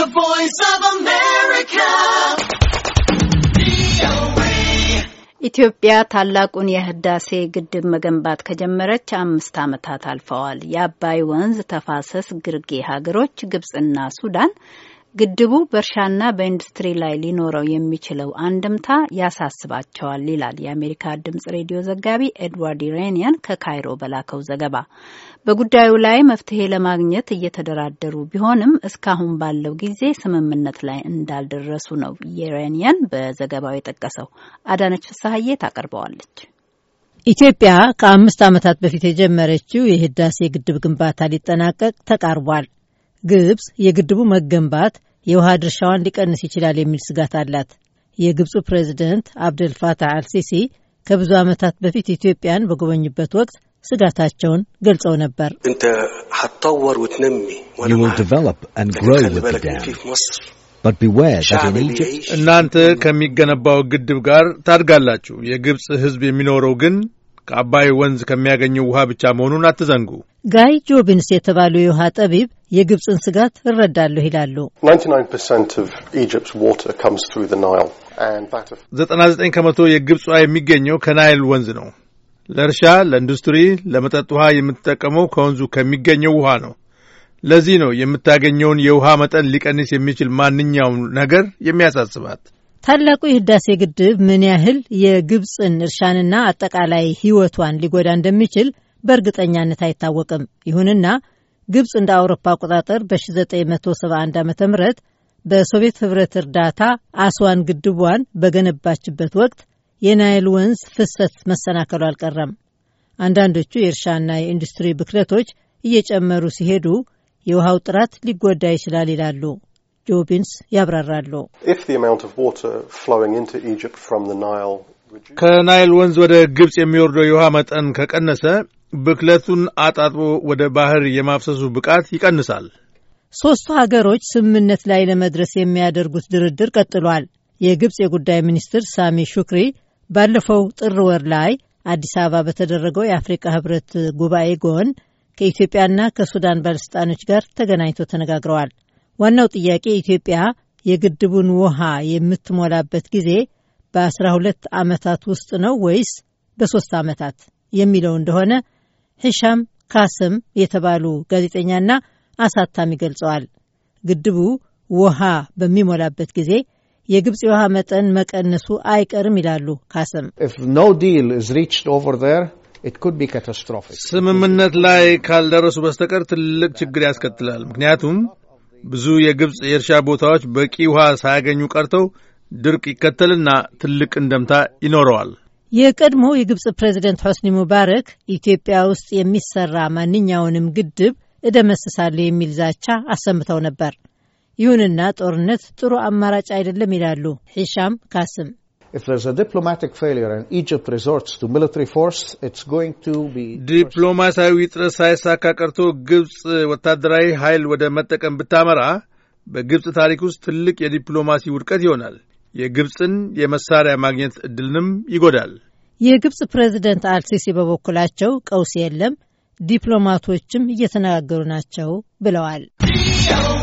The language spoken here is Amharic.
The Voice of America. ኢትዮጵያ ታላቁን የህዳሴ ግድብ መገንባት ከጀመረች አምስት ዓመታት አልፈዋል። የአባይ ወንዝ ተፋሰስ ግርጌ ሀገሮች ግብጽና ሱዳን ግድቡ በእርሻና በኢንዱስትሪ ላይ ሊኖረው የሚችለው አንድምታ ያሳስባቸዋል ይላል የአሜሪካ ድምጽ ሬዲዮ ዘጋቢ ኤድዋርድ ኢሬኒያን ከካይሮ በላከው ዘገባ። በጉዳዩ ላይ መፍትሄ ለማግኘት እየተደራደሩ ቢሆንም እስካሁን ባለው ጊዜ ስምምነት ላይ እንዳልደረሱ ነው የኢሬኒያን በዘገባው የጠቀሰው። አዳነች ፍሳሀዬ ታቀርበዋለች። ኢትዮጵያ ከአምስት ዓመታት በፊት የጀመረችው የህዳሴ ግድብ ግንባታ ሊጠናቀቅ ተቃርቧል። ግብፅ የግድቡ መገንባት የውሃ ድርሻዋን ሊቀንስ ይችላል የሚል ስጋት አላት። የግብፁ ፕሬዚደንት አብደል ፋታህ አልሲሲ ከብዙ ዓመታት በፊት ኢትዮጵያን በጎበኙበት ወቅት ስጋታቸውን ገልጸው ነበር። እናንተ ከሚገነባው ግድብ ጋር ታድጋላችሁ። የግብፅ ሕዝብ የሚኖረው ግን ከአባይ ወንዝ ከሚያገኘው ውሃ ብቻ መሆኑን አትዘንጉ። ጋይ ጆቢንስ የተባሉ የውሃ ጠቢብ የግብፅን ስጋት እረዳለሁ ይላሉ። 99 ከመቶ የግብፅ ውሃ የሚገኘው ከናይል ወንዝ ነው። ለእርሻ፣ ለኢንዱስትሪ፣ ለመጠጥ ውሃ የምትጠቀመው ከወንዙ ከሚገኘው ውሃ ነው። ለዚህ ነው የምታገኘውን የውሃ መጠን ሊቀንስ የሚችል ማንኛውም ነገር የሚያሳስባት። ታላቁ የህዳሴ ግድብ ምን ያህል የግብፅን እርሻንና አጠቃላይ ህይወቷን ሊጎዳ እንደሚችል በእርግጠኛነት አይታወቅም። ይሁንና ግብፅ እንደ አውሮፓ አቆጣጠር በ1971 ዓ ም በሶቪየት ህብረት እርዳታ አስዋን ግድቧን በገነባችበት ወቅት የናይል ወንዝ ፍሰት መሰናከሉ አልቀረም። አንዳንዶቹ የእርሻና የኢንዱስትሪ ብክለቶች እየጨመሩ ሲሄዱ የውሃው ጥራት ሊጎዳ ይችላል ይላሉ። ጆቢንስ ያብራራሉ። ከናይል ወንዝ ወደ ግብፅ የሚወርደው የውሃ መጠን ከቀነሰ ብክለቱን አጣጥቦ ወደ ባህር የማፍሰሱ ብቃት ይቀንሳል። ሦስቱ ሀገሮች ስምምነት ላይ ለመድረስ የሚያደርጉት ድርድር ቀጥሏል። የግብፅ የጉዳይ ሚኒስትር ሳሚ ሹክሪ ባለፈው ጥር ወር ላይ አዲስ አበባ በተደረገው የአፍሪካ ህብረት ጉባኤ ጎን ከኢትዮጵያና ከሱዳን ባለሥልጣኖች ጋር ተገናኝቶ ተነጋግረዋል። ዋናው ጥያቄ ኢትዮጵያ የግድቡን ውሃ የምትሞላበት ጊዜ በ12 ዓመታት ውስጥ ነው ወይስ በሶስት ዓመታት የሚለው እንደሆነ ሂሻም ካስም የተባሉ ጋዜጠኛና አሳታሚ ገልጸዋል። ግድቡ ውሃ በሚሞላበት ጊዜ የግብፅ የውሃ መጠን መቀነሱ አይቀርም ይላሉ ካስም። ስምምነት ላይ ካልደረሱ በስተቀር ትልቅ ችግር ያስከትላል። ምክንያቱም ብዙ የግብፅ የእርሻ ቦታዎች በቂ ውሃ ሳያገኙ ቀርተው ድርቅ ይከተልና ትልቅ እንደምታ ይኖረዋል። የቀድሞ የግብፅ ፕሬዚደንት ሆስኒ ሙባረክ ኢትዮጵያ ውስጥ የሚሰራ ማንኛውንም ግድብ እደመስሳለሁ የሚል ዛቻ አሰምተው ነበር። ይሁንና ጦርነት ጥሩ አማራጭ አይደለም ይላሉ ሂሻም ካስም። ዲፕሎማሲያዊ ጥረት ሳይሳካ ቀርቶ ግብፅ ወታደራዊ ኃይል ወደ መጠቀም ብታመራ በግብፅ ታሪክ ውስጥ ትልቅ የዲፕሎማሲ ውድቀት ይሆናል። የግብፅን የመሳሪያ ማግኘት ዕድልንም ይጎዳል። የግብፅ ፕሬዚደንት አልሲሲ በበኩላቸው ቀውስ የለም፣ ዲፕሎማቶችም እየተነጋገሩ ናቸው ብለዋል።